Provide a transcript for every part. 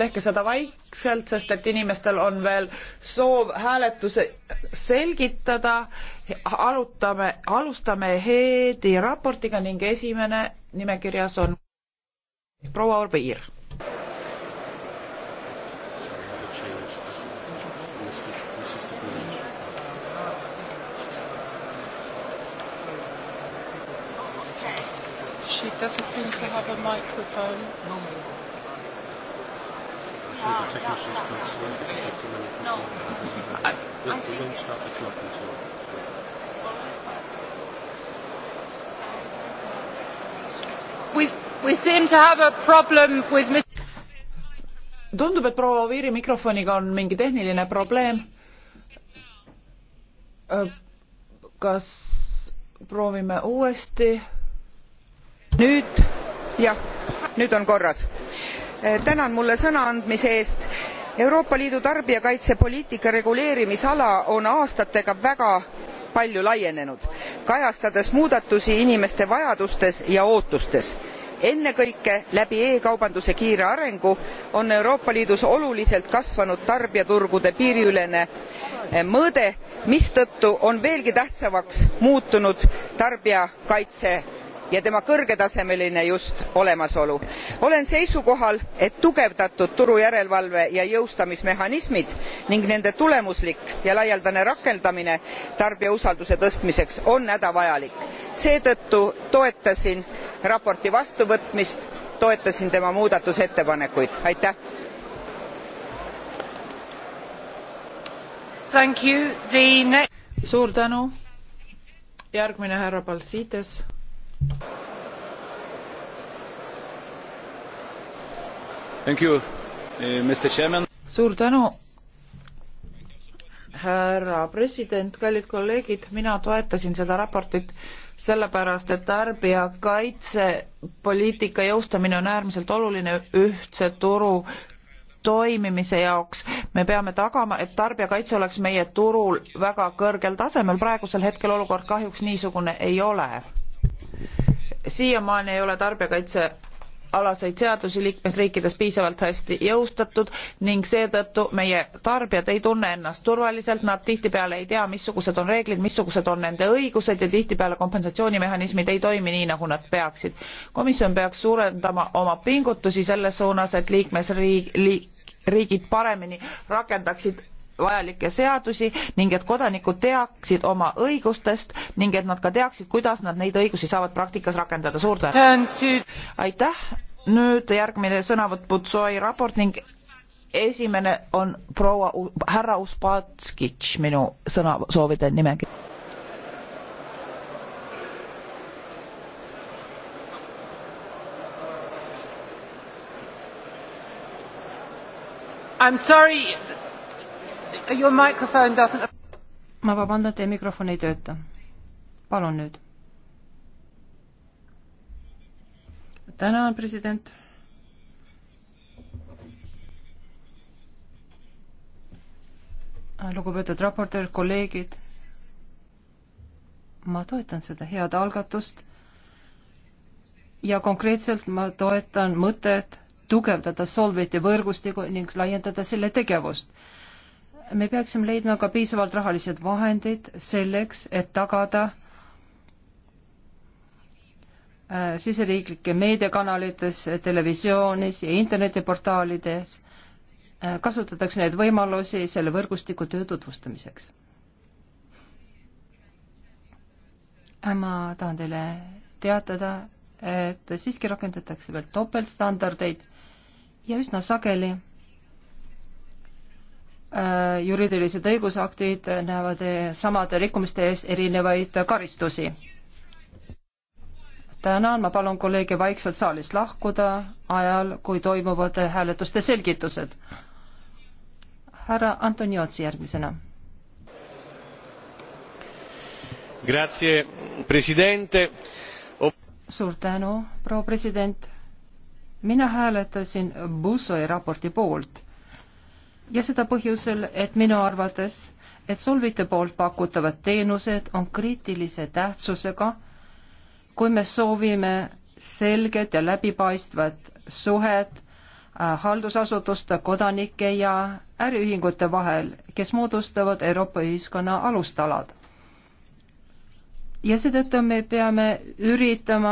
tehke seda vaikselt, sest et inimestel on veel soov hääletuse selgitada. arutame, alustame Heedi raportiga ning esimene nimekirjas on proua Orbiir. She doesn't seem to have a microphone. No, no through the technicians can select the setting and no. I, we, we won't start the clock until. We, we seem to have a problem with Mr. tundub, et proua Oviiri mikrofoniga on mingi tehniline probleem. Äh, kas proovime uuesti? nüüd? jah, nüüd on korras Eh, tänan mulle sõna andmise eest! euroopa liidu tarbijakaitsepoliitika reguleerimisala on aastatega väga palju laienenud kajastades muudatusi inimeste vajadustes ja ootustes. ennekõike läbi e kaubanduse kiire arengu on euroopa liidus oluliselt kasvanud tarbijaturgude piiriülene eh, mõõde mistõttu on veelgi tähtsamaks muutunud tarbijakaitse ja tema kõrgetasemeline just olemasolu. olen seisukohal et tugevdatud turujärelevalve ja jõustamismehhanismid ning nende tulemuslik ja laialdane rakendamine tarbija usalduse tõstmiseks on hädavajalik. seetõttu toetasin raporti vastuvõtmist toetasin tema muudatusettepanekuid. aitäh! suur tänu! järgmine härra balsides. Eh, suur tänu, härra president, kallid kolleegid, mina toetasin seda raportit sellepärast, et tarbijakaitsepoliitika jõustamine on äärmiselt oluline ühtse turu toimimise jaoks me peame tagama, et tarbijakaitse oleks meie turul väga kõrgel tasemel, praegusel hetkel olukord kahjuks niisugune ei ole siiamaani ei ole tarbijakaitse alaseid seadusi liikmesriikides piisavalt hästi jõustatud ning seetõttu meie tarbijad ei tunne ennast turvaliselt, nad tihtipeale ei tea, missugused on reeglid, missugused on nende õigused ja tihtipeale kompensatsioonimehhanismid ei toimi nii, nagu nad peaksid. komisjon peaks suurendama oma pingutusi selles suunas, et liikmesriik liik, riigid paremini rakendaksid vajalikke seadusi ning et kodanikud teaksid oma õigustest ning et nad ka teaksid, kuidas nad neid õigusi saavad praktikas rakendada. suur tänu! aitäh, nüüd järgmine sõnavõtt Butsoi raport ning esimene on proua, härra Uspatskitš minu sõnasoovide nimekiri. I am sorry Your microphone doesn't... ma vabandan, teie mikrofon ei tööta. palun nüüd. tänan, president. lugupeetud raportöör, kolleegid. ma toetan seda head algatust. ja konkreetselt ma toetan mõtet tugevdada Solveti võrgustikku ning laiendada selle tegevust me peaksime leidma ka piisavalt rahalised vahendid selleks, et tagada äh, siseriiklike meediakanalites, televisioonis ja internetiportaalides äh, kasutatakse neid võimalusi selle võrgustiku töö tutvustamiseks. Äh, ma tahan teile teatada, et siiski rakendatakse veel topeltstandardeid ja üsna sageli Äh, juriidilised õigusaktid näevad samade rikkumiste eest erinevaid karistusi. tänan, ma palun kolleege vaikselt saalist lahkuda ajal, kui toimuvad hääletuste selgitused. härra Antoniotsi järgmisena. suur tänu, proua president. mina hääletasin Bussoi raporti poolt ja seda põhjusel, et minu arvates, et solvite poolt pakutavad teenused on kriitilise tähtsusega, kui me soovime selget ja läbipaistvat suhet äh, haldusasutuste, kodanike ja äriühingute vahel, kes moodustavad Euroopa ühiskonna alustalad. ja seetõttu me peame üritama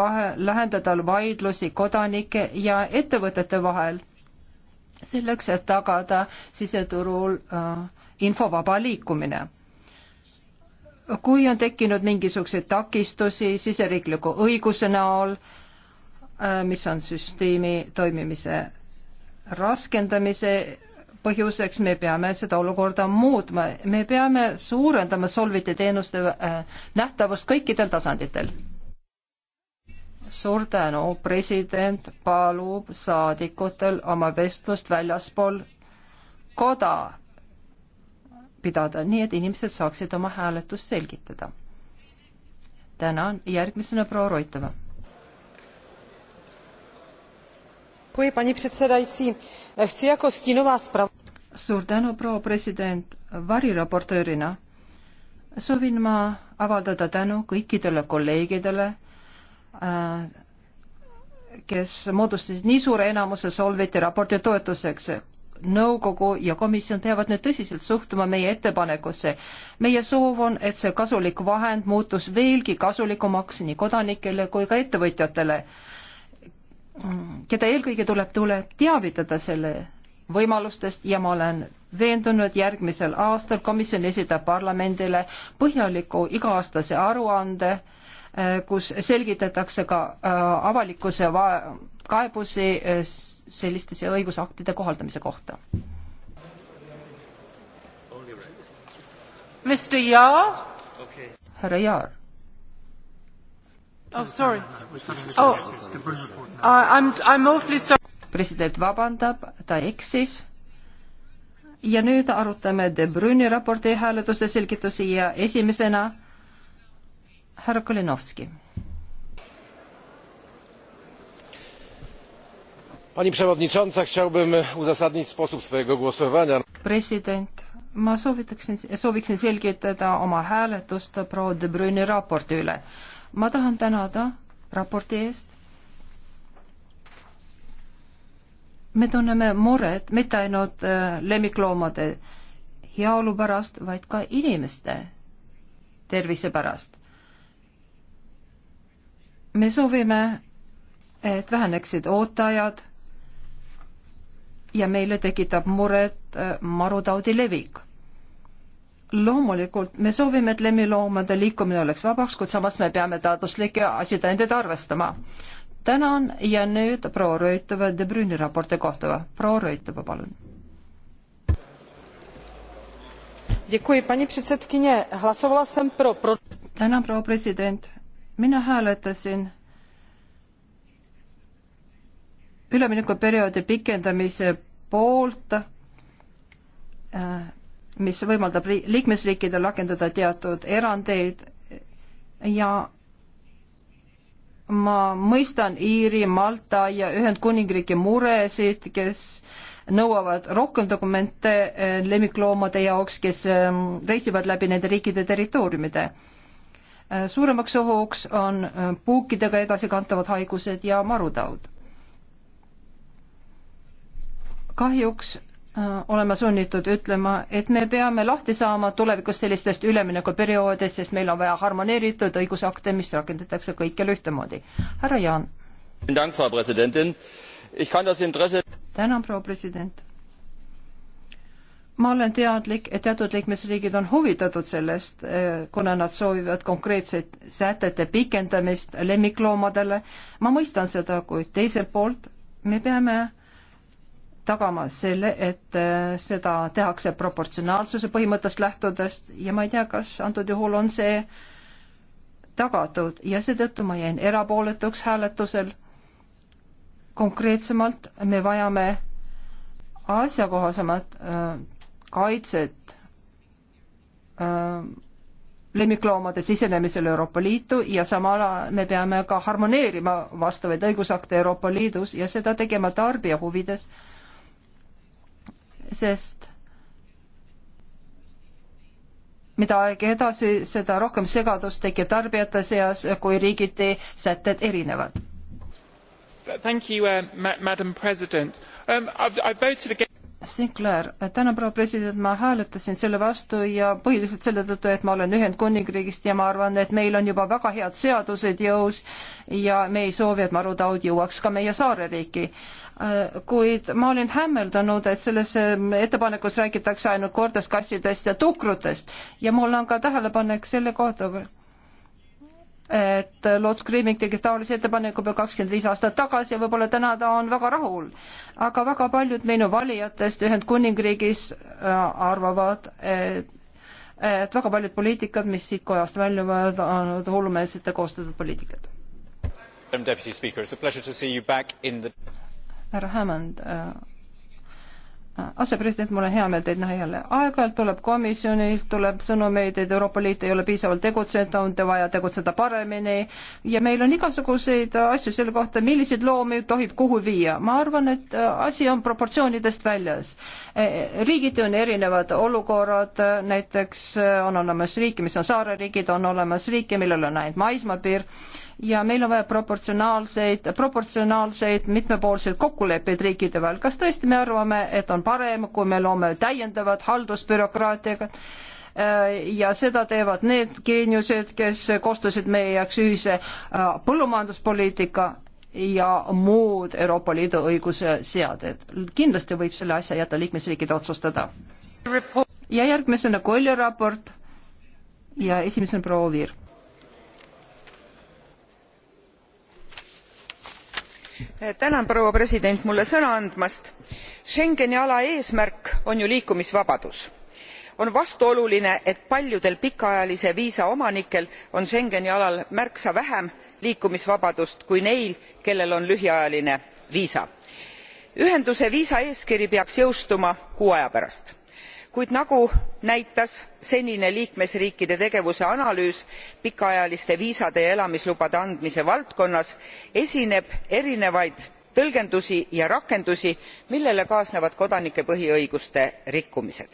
vahe, lahendada vaidlusi kodanike ja ettevõtete vahel selleks, et tagada siseturul äh, info vaba liikumine. kui on tekkinud mingisuguseid takistusi siseriikliku õiguse näol, äh, mis on süsteemi toimimise raskendamise põhjuseks, me peame seda olukorda muutma, me peame suurendama solvite teenuste äh, nähtavust kõikidel tasanditel suur tänu, president palub saadikutel oma vestlust väljaspool koda pidada, nii et inimesed saaksid oma hääletust selgitada. tänan, järgmisena proua Roitova. suur tänu, proua president, variraportöörina soovin ma avaldada tänu kõikidele kolleegidele Äh, kes moodustasid nii suure enamuse Solviti raporti toetuseks. nõukogu ja komisjon peavad nüüd tõsiselt suhtuma meie ettepanekusse. meie soov on, et see kasulik vahend muutus veelgi kasulikumaks nii kodanikele kui ka ettevõtjatele, keda eelkõige tuleb, tuleb teavitada selle võimalustest ja ma olen veendunud järgmisel aastal komisjon esitab parlamendile põhjaliku iga-aastase aruande äh, Äh, kus selgitatakse ka äh, avalikkuse kaebusi äh, selliste õigusaktide kohaldamise kohta. Mr Jaar okay.. härra Jaar. Oh, sorry. Oh, I am, I am awfully sorry. president vabandab, ta eksis ja nüüd arutame De Bruni raporti hääletuse selgitusi ja esimesena härra Kalinovski. pani przewodnicząca, chciałbym uzasadnić sposób swojego głosowania. president, ma soovitaksin, sooviksin selgitada oma hääletust proua De Bruni raporti üle. ma tahan tänada raporti eest. me tunneme muret mitte ainult äh, lemmikloomade heaolu pärast, vaid ka inimeste tervise pärast me soovime, et väheneksid ooteajad ja meile tekitab muret äh, marutaudi levik. loomulikult me soovime, et lemmikloomade liikumine oleks vabaks, kuid samas me peame teaduslikke asjatõendeid arvestama. tänan ja nüüd proua Röitova De Brüni raporti kohta. proua Röitova, palun. tänan, proua president mina hääletasin üleminekuperioodi pikendamise poolt, äh, mis võimaldab liikmesriikidel rakendada teatud erandeid ja ma mõistan Iiri, Malta ja Ühendkuningriigi muresid, kes nõuavad rohkem dokumente äh, lemmikloomade jaoks, kes ähm, reisivad läbi nende riikide territooriumide Äh, suuremaks ohuks on äh, puukidega edasikantavad haigused ja marutaud. kahjuks äh, oleme sunnitud ütlema, et me peame lahti saama tulevikus sellistest üleminekuperioodidest, sest meil on vaja harmoneeritud õigusakte, mis rakendatakse kõikjal ühtemoodi. härra Jaan. tänan, proua president ma olen teadlik, et teatud liikmesriigid on huvitatud sellest, eh, kuna nad soovivad konkreetseid sätete pikendamist lemmikloomadele. ma mõistan seda, kuid teiselt poolt me peame tagama selle, et eh, seda tehakse proportsionaalsuse põhimõttest lähtudes ja ma ei tea, kas antud juhul on see tagatud ja seetõttu ma jäin erapooletuks hääletusel. konkreetsemalt me vajame asjakohasemat äh, kaitset lemmikloomade sisenemisel Euroopa Liitu ja samal ajal me peame ka harmoneerima vastavaid õigusakte Euroopa Liidus ja seda tegema tarbija huvides, sest mida aeg edasi, seda rohkem segadust tekib tarbijate seas, kui riigiti sätted erinevad. Thank you uh, ma, Madam President um,. I voted against Sinclair, täna proua president, ma hääletasin selle vastu ja põhiliselt selle tõttu, et ma olen Ühendkuningriigist ja ma arvan, et meil on juba väga head seadused jõus ja me ei soovi, et marutaud jõuaks ka meie saareriiki. kuid ma olin hämmeldunud, et selles ähm, ettepanekus räägitakse ainult kordaskassidest ja tukrutest ja mul on ka tähelepanek selle kohta, et Lord Screaming tegi taolise ettepaneku juba kakskümmend viis aastat tagasi ja võib-olla täna ta on väga rahul. aga väga paljud minu valijatest Ühendkuningriigis äh, arvavad, et et väga paljud poliitikad, mis siit kojast väljuvad, on hullumeelsete koostatud poliitikad. härra Hammond äh, asepresident, mul on hea meel teid näha jälle. aeg-ajalt tuleb komisjonilt, tuleb sõnumeid, et Euroopa Liit ei ole piisavalt tegutsenud, on te vaja tegutseda paremini ja meil on igasuguseid asju selle kohta, milliseid loomi tohib kuhu viia. ma arvan, et asi on proportsioonidest väljas. E, riigiti on erinevad olukorrad, näiteks on olemas riike, mis on saareriigid, on olemas riike, millel on ainult maismaapiir ja meil on vaja proportsionaalseid, proportsionaalseid mitmepoolseid kokkuleppeid riikide vahel. kas tõesti me arvame, et on parem, kui me loome täiendavat haldusbürokraatiaga? Äh, ja seda teevad need geeniused, kes koostasid meie jaoks ühise äh, põllumajanduspoliitika ja muud Euroopa Liidu õiguse seaded. kindlasti võib selle asja jätta liikmesriikide otsustada. ja järgmisena Kolja raport ja esimesena proua Oviir Eh, tänan proua president mulle sõna andmast! schengeni ala eesmärk on ju liikumisvabadus. on vastuoluline et paljudel pikaajalise viisa omanikel on schengeni alal märksa vähem liikumisvabadust kui neil kellel on lühiajaline viisa. ühenduse viisaeeskiri peaks jõustuma kuu aja pärast kuid nagu näitas senine liikmesriikide tegevuse analüüs pikaajaliste viisade ja elamislubade andmise valdkonnas esineb erinevaid tõlgendusi ja rakendusi millele kaasnevad kodanike põhiõiguste rikkumised.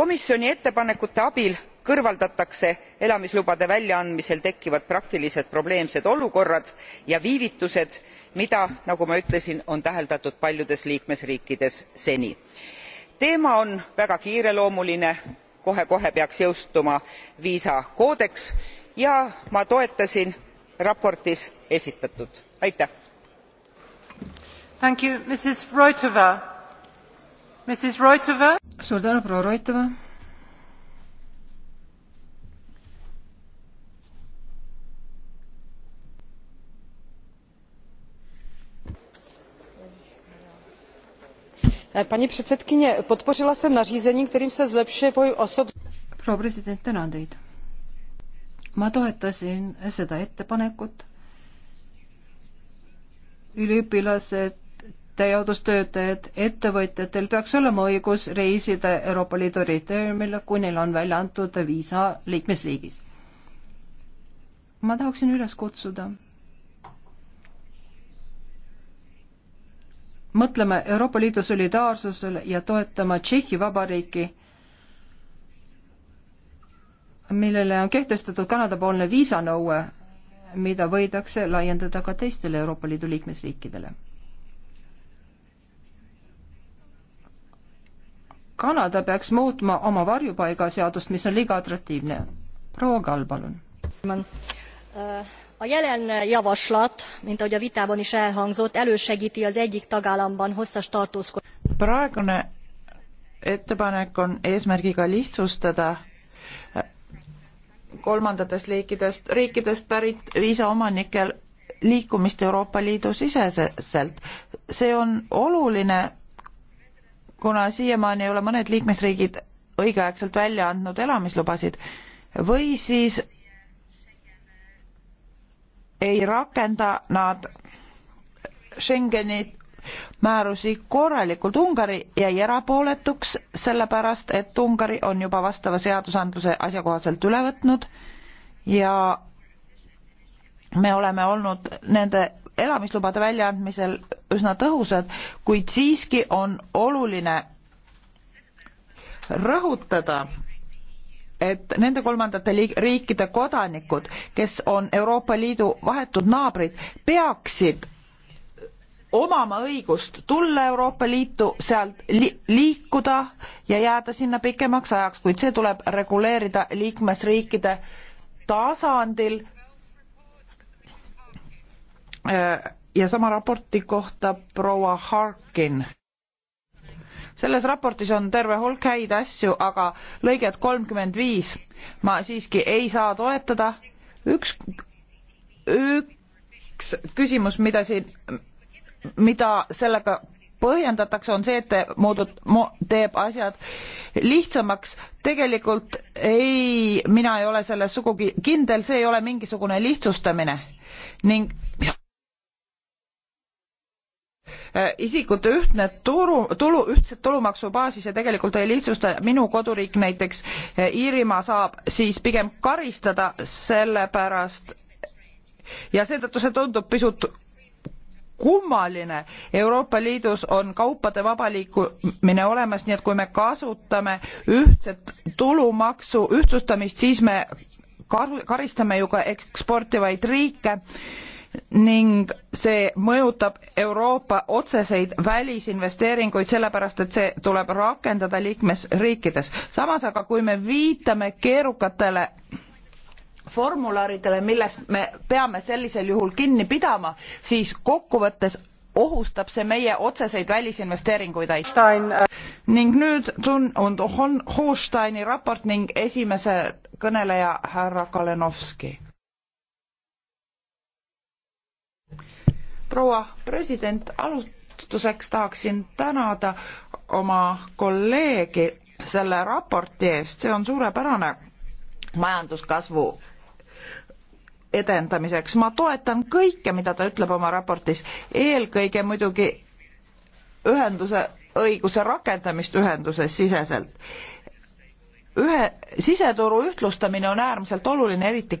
komisjoni ettepanekute abil kõrvaldatakse elamislubade väljaandmisel tekkivad praktilised probleemsed olukorrad ja viivitused mida nagu ma ütlesin on täheldatud paljudes liikmesriikides seni teema on väga kiireloomuline kohe kohe peaks jõustuma viisakoodeks ja ma toetasin raportis esitatut. aitäh! suur tänu proua roithov! Eh, paní předsedající podpořila jsem nařízení kterým se zlepšuje pohyb osob. ma toetasin seda ettepanekut. üliõpilased teadustöötajad, ettevõtjatel peaks olema õigus reisida Euroopa Liidu territooriumile, kui neil on välja antud viisa liikmesriigis. ma tahaksin üles kutsuda mõtlema Euroopa Liidu solidaarsusele ja toetama Tšehhi Vabariiki, millele on kehtestatud Kanada-poolne viisanõue, mida võidakse laiendada ka teistele Euroopa Liidu liikmesriikidele. Kanada peaks muutma oma varjupaigaseadust, mis on liiga atraktiivne. proua Kall, palun. Uh a jelen javaslat mint ahogy a vitában is elhangzott elősegti az egyik tagállamban hosszas tartózkodást. praegune ettepanek on eesmärgiga lihtsustada kolmandatest riikidest, riikidest pärit viisaomanikel liikumist Euroopa Liidu siseselt. see on oluline, kuna siiamaani ei ole mõned liikmesriigid õigeaegselt välja andnud elamislubasid või siis ei rakenda nad Schengeni määrusi korralikult. Ungari jäi erapooletuks sellepärast, et Ungari on juba vastava seadusandluse asjakohaselt üle võtnud ja me oleme olnud nende elamislubade väljaandmisel üsna tõhusad, kuid siiski on oluline rõhutada, et nende kolmandate riikide kodanikud, kes on Euroopa Liidu vahetud naabrid, peaksid omama õigust tulla Euroopa Liitu, sealt li liikuda ja jääda sinna pikemaks ajaks, kuid see tuleb reguleerida liikmesriikide tasandil. Äh, ja sama raporti kohta proua Harkin selles raportis on terve hulk häid asju, aga lõiget kolmkümmend viis ma siiski ei saa toetada. üks, üks küsimus, mida siin, mida sellega põhjendatakse, on see, et te moodut- mo,, teeb asjad lihtsamaks. tegelikult ei, mina ei ole selles sugugi kindel, see ei ole mingisugune lihtsustamine ning Äh, isikute ühtne turu, tulu, ühtset tulumaksubaasi, see tegelikult ei lihtsusta, minu koduriik näiteks äh, Iirimaa saab siis pigem karistada sellepärast ja seetõttu see tundub pisut kummaline, Euroopa Liidus on kaupade vaba liikumine olemas, nii et kui me kasutame ühtset tulumaksu ühtsustamist, siis me karistame ju ka eksportivaid riike ning see mõjutab Euroopa otseseid välisinvesteeringuid, sellepärast et see tuleb rakendada liikmesriikides. samas aga, kui me viitame keerukatele formularidele, millest me peame sellisel juhul kinni pidama, siis kokkuvõttes ohustab see meie otseseid välisinvesteeringuid Stein, äh... ning nüüd tun- on Hohensteini raport ning esimese kõneleja härra Kalenovski proua president, alustuseks tahaksin tänada oma kolleegi selle raporti eest, see on suurepärane majanduskasvu edendamiseks. ma toetan kõike, mida ta ütleb oma raportis, eelkõige muidugi ühenduse õiguse rakendamist ühenduse siseselt ühe, siseturu ühtlustamine on äärmiselt oluline, eriti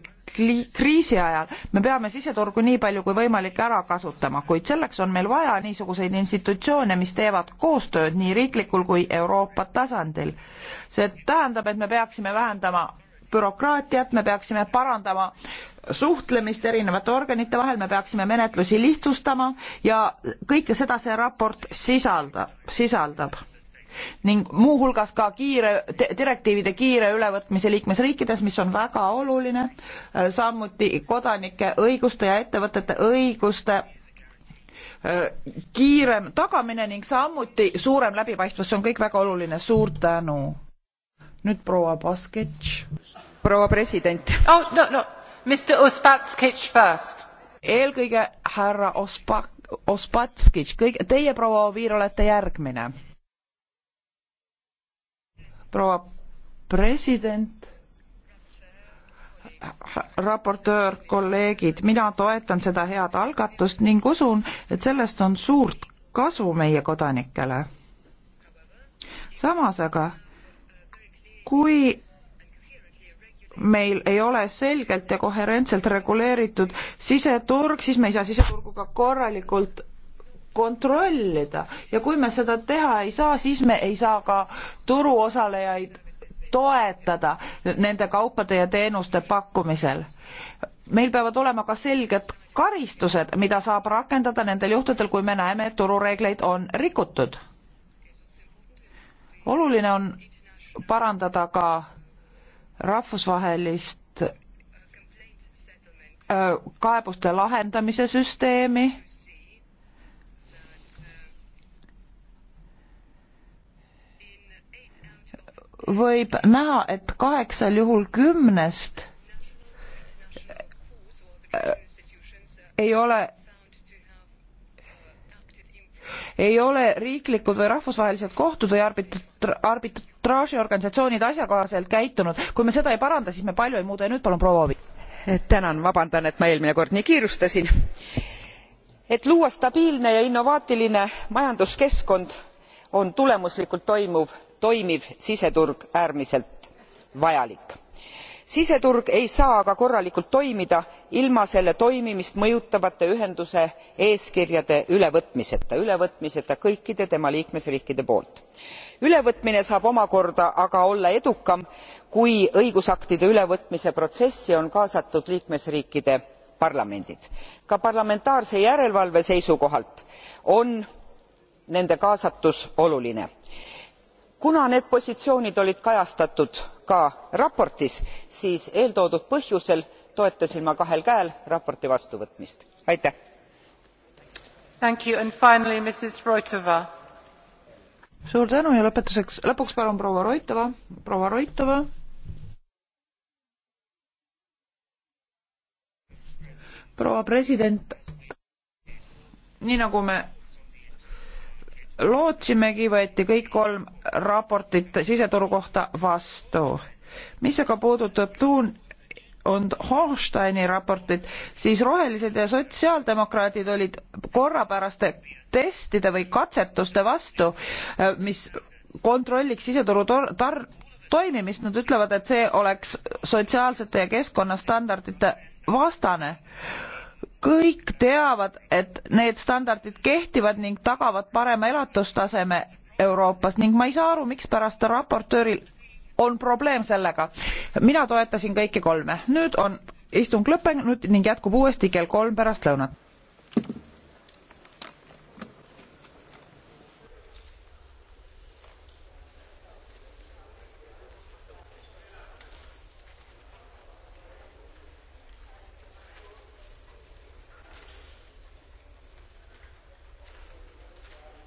kriisi ajal. me peame siseturgu nii palju kui võimalik ära kasutama, kuid selleks on meil vaja niisuguseid institutsioone, mis teevad koostööd nii riiklikul kui Euroopa tasandil. see tähendab, et me peaksime vähendama bürokraatiat, me peaksime parandama suhtlemist erinevate organite vahel, me peaksime menetlusi lihtsustama ja kõike seda see raport sisaldab, sisaldab ning muuhulgas ka kiire, direktiivide kiire ülevõtmise liikmesriikides, mis on väga oluline, äh, samuti kodanike õiguste ja ettevõtete õiguste äh, kiirem tagamine ning samuti suurem läbipaistvus, see on kõik väga oluline, suur tänu. nüüd proua Basketš. proua president oh,. No, no. Mr Ospatskitš first. eelkõige härra Ospa-, Ospatskitš, kõik, teie proua Oviir olete järgmine proua president, raportöör, kolleegid, mina toetan seda head algatust ning usun, et sellest on suurt kasu meie kodanikele. samas aga, kui meil ei ole selgelt ja koherentselt reguleeritud siseturg, siis me ei saa siseturgu ka korralikult kontrollida ja kui me seda teha ei saa, siis me ei saa ka turuosalejaid toetada nende kaupade ja teenuste pakkumisel. meil peavad olema ka selged karistused, mida saab rakendada nendel juhtudel, kui me näeme, et turureegleid on rikutud. oluline on parandada ka rahvusvahelist äh, kaebuste lahendamise süsteemi võib näha, et kaheksal juhul kümnest äh, ei ole ei ole riiklikud või rahvusvahelised kohtud või arbitra, arbitraažiorganisatsioonid asjakohaselt käitunud. kui me seda ei paranda, siis me palju ei muuda ja nüüd palun proua Ovi. tänan, vabandan, et ma eelmine kord nii kiirustasin. et luua stabiilne ja innovaatiline majanduskeskkond on tulemuslikult toimuv toimiv siseturg äärmiselt vajalik. siseturg ei saa aga korralikult toimida ilma selle toimimist mõjutavate ühenduse eeskirjade ülevõtmiseta ülevõtmiseta kõikide tema liikmesriikide poolt. ülevõtmine saab omakorda aga olla edukam kui õigusaktide ülevõtmise protsessi on kaasatud liikmesriikide parlamendid. ka parlamentaarse järelevalve seisukohalt on nende kaasatus oluline kuna need positsioonid olid kajastatud ka raportis siis eeltoodud põhjusel toetasin ma kahel käel raporti vastuvõtmist. aitäh! suur tänu ja lõpetuseks lõpuks palun proua roitova proua roitova proua president nii nagu me lootsimegi, võeti kõik kolm raportit siseturu kohta vastu. mis aga puudutab Tuun und Hochsteini raportit, siis rohelised ja sotsiaaldemokraadid olid korrapäraste testide või katsetuste vastu, mis kontrolliks siseturu tor-, tar-, toimimist, nad ütlevad, et see oleks sotsiaalsete ja keskkonnastandardite vastane kõik teavad, et need standardid kehtivad ning tagavad parema elatustaseme Euroopas ning ma ei saa aru, mikspärast raportööril on probleem sellega. mina toetasin kõiki kolme. nüüd on istung lõppenud ning jätkub uuesti kell kolm pärastlõunat.